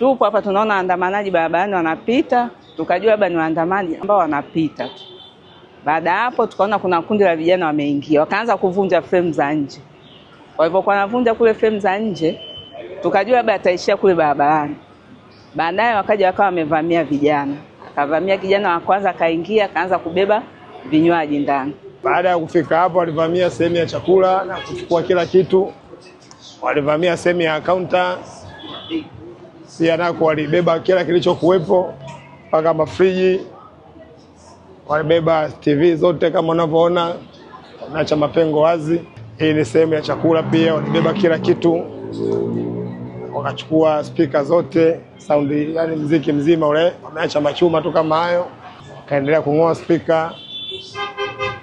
Tupo hapa tunaona waandamanaji barabarani wanapita, tukajua labda ni waandamanaji ambao wanapita tu. Baada hapo, tukaona kuna kundi la vijana wameingia, wakaanza kuvunja fremu za nje. Walivyokuwa wanavunja kule fremu za nje, tukajua labda ataishia kule barabarani. Baadaye wakaja wakawa wamevamia vijana, akavamia kijana wa kwanza, akaingia akaanza kubeba vinywaji ndani. Baada ya kufika hapo, walivamia sehemu ya chakula na kuchukua kila kitu, walivamia sehemu ya kaunta nako walibeba kila kilichokuwepo mpaka mafriji, walibeba TV zote kama unavyoona, naacha mapengo wazi. Hii ni sehemu ya chakula pia, walibeba kila kitu, wakachukua spika zote, saundi, yani mziki mzima ule, wameacha machuma tu kama hayo, wakaendelea kung'oa spika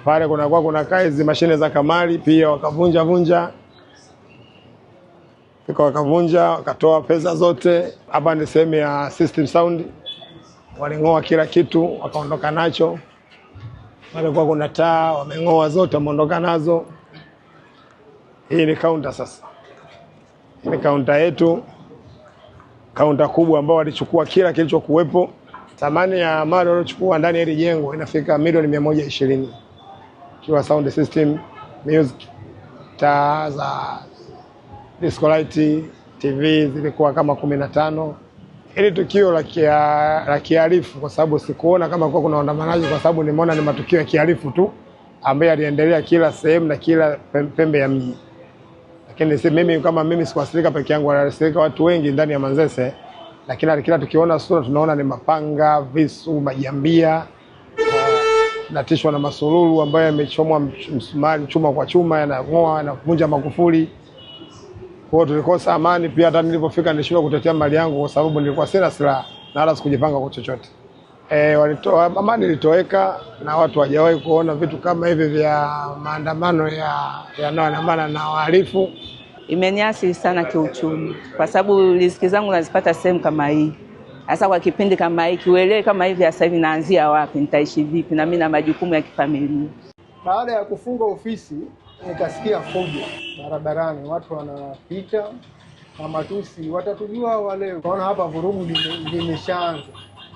pale. Kunakuwa kuna, kuna kazi mashine za kamari pia wakavunja vunja wakavunja wakatoa pesa zote. Hapa ni sehemu ya System Sound, waling'oa kila kitu wakaondoka nacho. Walikuwa kuna taa wameng'oa zote, wameondoka nazo. Hii ni kaunta sasa, hii ni kaunta yetu, kaunta kubwa ambao walichukua kila kilichokuwepo. Thamani ya mali waliochukua ndani ya hili jengo inafika milioni mia moja ishirini kiwa sound system, music, taa za Discolite TV zilikuwa kama kumi na tano. Ili tukio la kiarifu kwa sababu sikuona kama kuwa kuna waandamanaji, kwa sababu nimeona ni matukio ya kiarifu tu ambayo yaliendelea kila sehemu na kila pembe ya mji, lakini si mimi kama mimi sikuasilika peke yangu, waliasilika watu wengi ndani ya Manzese, lakini kila tukiona sura tunaona ni mapanga, visu, majambia ah, natishwa na masululu ambayo yamechomwa msumari chuma kwa chuma, yanang'oa, yanavunja magufuli. Kwa tulikosa amani pia, hata nilipofika nilishindwa kutetea mali yangu kwa sababu nilikuwa sina silaha na hata sikujipanga kwa chochote. E, walitoa amani ilitoweka na watu hawajawahi kuona vitu kama hivi vya maandamano yanayoandamana na wahalifu. Imeniathiri sana kiuchumi, kwa sababu riziki zangu nazipata sehemu kama hii, hasa kwa kipindi kama hiki. Uelewe kama hivi sasa hivi naanzia wapi, nitaishi vipi, na mimi na majukumu ya kifamilia. Baada ya kufunga ofisi nikasikia fujo barabarani, watu wanapita na matusi, watatujua wale. Unaona hapa vurugu limeshaanza,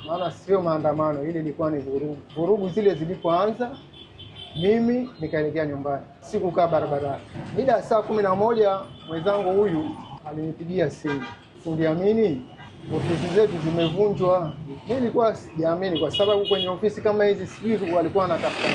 maana sio maandamano, ile ilikuwa ni vurugu. Vurugu zile zilipoanza, mimi nikaelekea nyumbani, sikukaa barabarani. Mida ya saa kumi na moja mwenzangu huyu alinipigia simu, sindiamini ofisi zetu zimevunjwa. Mi nilikuwa sijaamini, kwa sababu kwenye ofisi kama hizi sijui walikuwa wanatafuta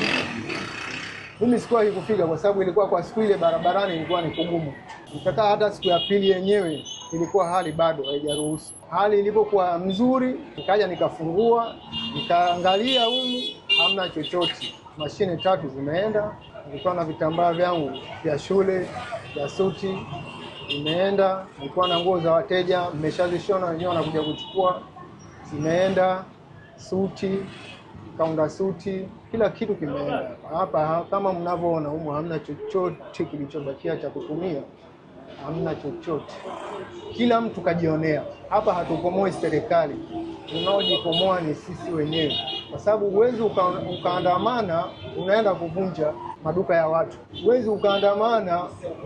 mimi sikuwahi kufika kwa sababu ilikuwa kwa siku ile barabarani ilikuwa ni kugumu, nikakaa hata siku ya pili yenyewe ilikuwa hali bado haijaruhusu. Hali ilipokuwa mzuri, nikaja nikafungua, nikaangalia humu hamna chochote. Mashine tatu zimeenda, nilikuwa na vitambaa vyangu vya shule vya suti zimeenda, nilikuwa na nguo za wateja mmeshazishona wenyewe wanakuja kuchukua, zimeenda suti kaunda suti, kila kitu kimeenda hapa. Kama mnavyoona humu, hamna chochote kilichobakia cha kutumia, hamna chochote. Kila mtu kajionea hapa, hatukomoi serikali, tunaojikomoa ni sisi wenyewe kwa sababu huwezi uka, ukaandamana unaenda kuvunja maduka ya watu, huwezi ukaandamana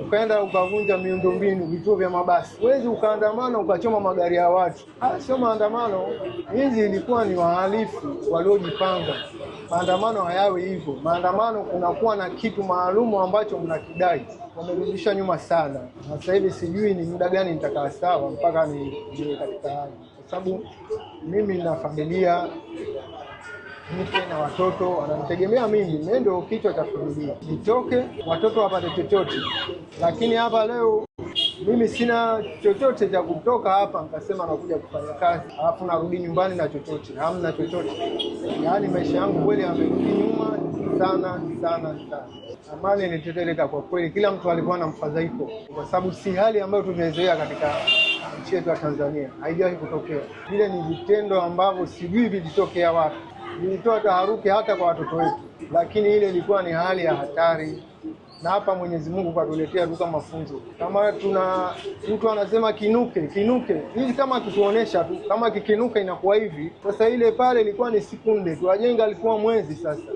ukaenda ukavunja miundombinu, vituo vya mabasi, huwezi ukaandamana ukachoma magari ya watu. Haya ah, sio maandamano, hizi ilikuwa ni wahalifu waliojipanga. Maandamano hayawe hivyo. Maandamano kunakuwa na kitu maalumu ambacho mnakidai. Wamerudisha nyuma sana, na sasa hivi sijui ni muda gani nitakaa sawa mpaka ni katika, kwa sababu mimi na familia mke na watoto wanamtegemea mimi, mimi ndio kichwa cha familia, nitoke watoto wapate chochote. Lakini hapa leo mimi sina chochote cha kutoka hapa nikasema nakuja kufanya kazi alafu narudi nyumbani na chochote, hamna chochote. Yaani maisha yangu kweli amerudi nyuma sana sana sana. Amani ilitetereka kwa kweli, kila mtu alikuwa na mfadhaiko, kwa sababu si hali ambayo tumezoea katika nchi yetu ya Tanzania, haijawahi kutokea. Vile ni vitendo ambavyo sijui vilitokea wapi nilitoa taharuki hata kwa watoto wetu, lakini ile ilikuwa ni hali ya hatari, na hapa Mwenyezi Mungu katuletea tu kama mafunzo. Kama tuna mtu anasema kinuke kinuke, hivi kama kituonesha tu, kama kikinuka inakuwa hivi. Sasa ile pale ilikuwa ni sekunde tu, ajenga alikuwa mwezi sasa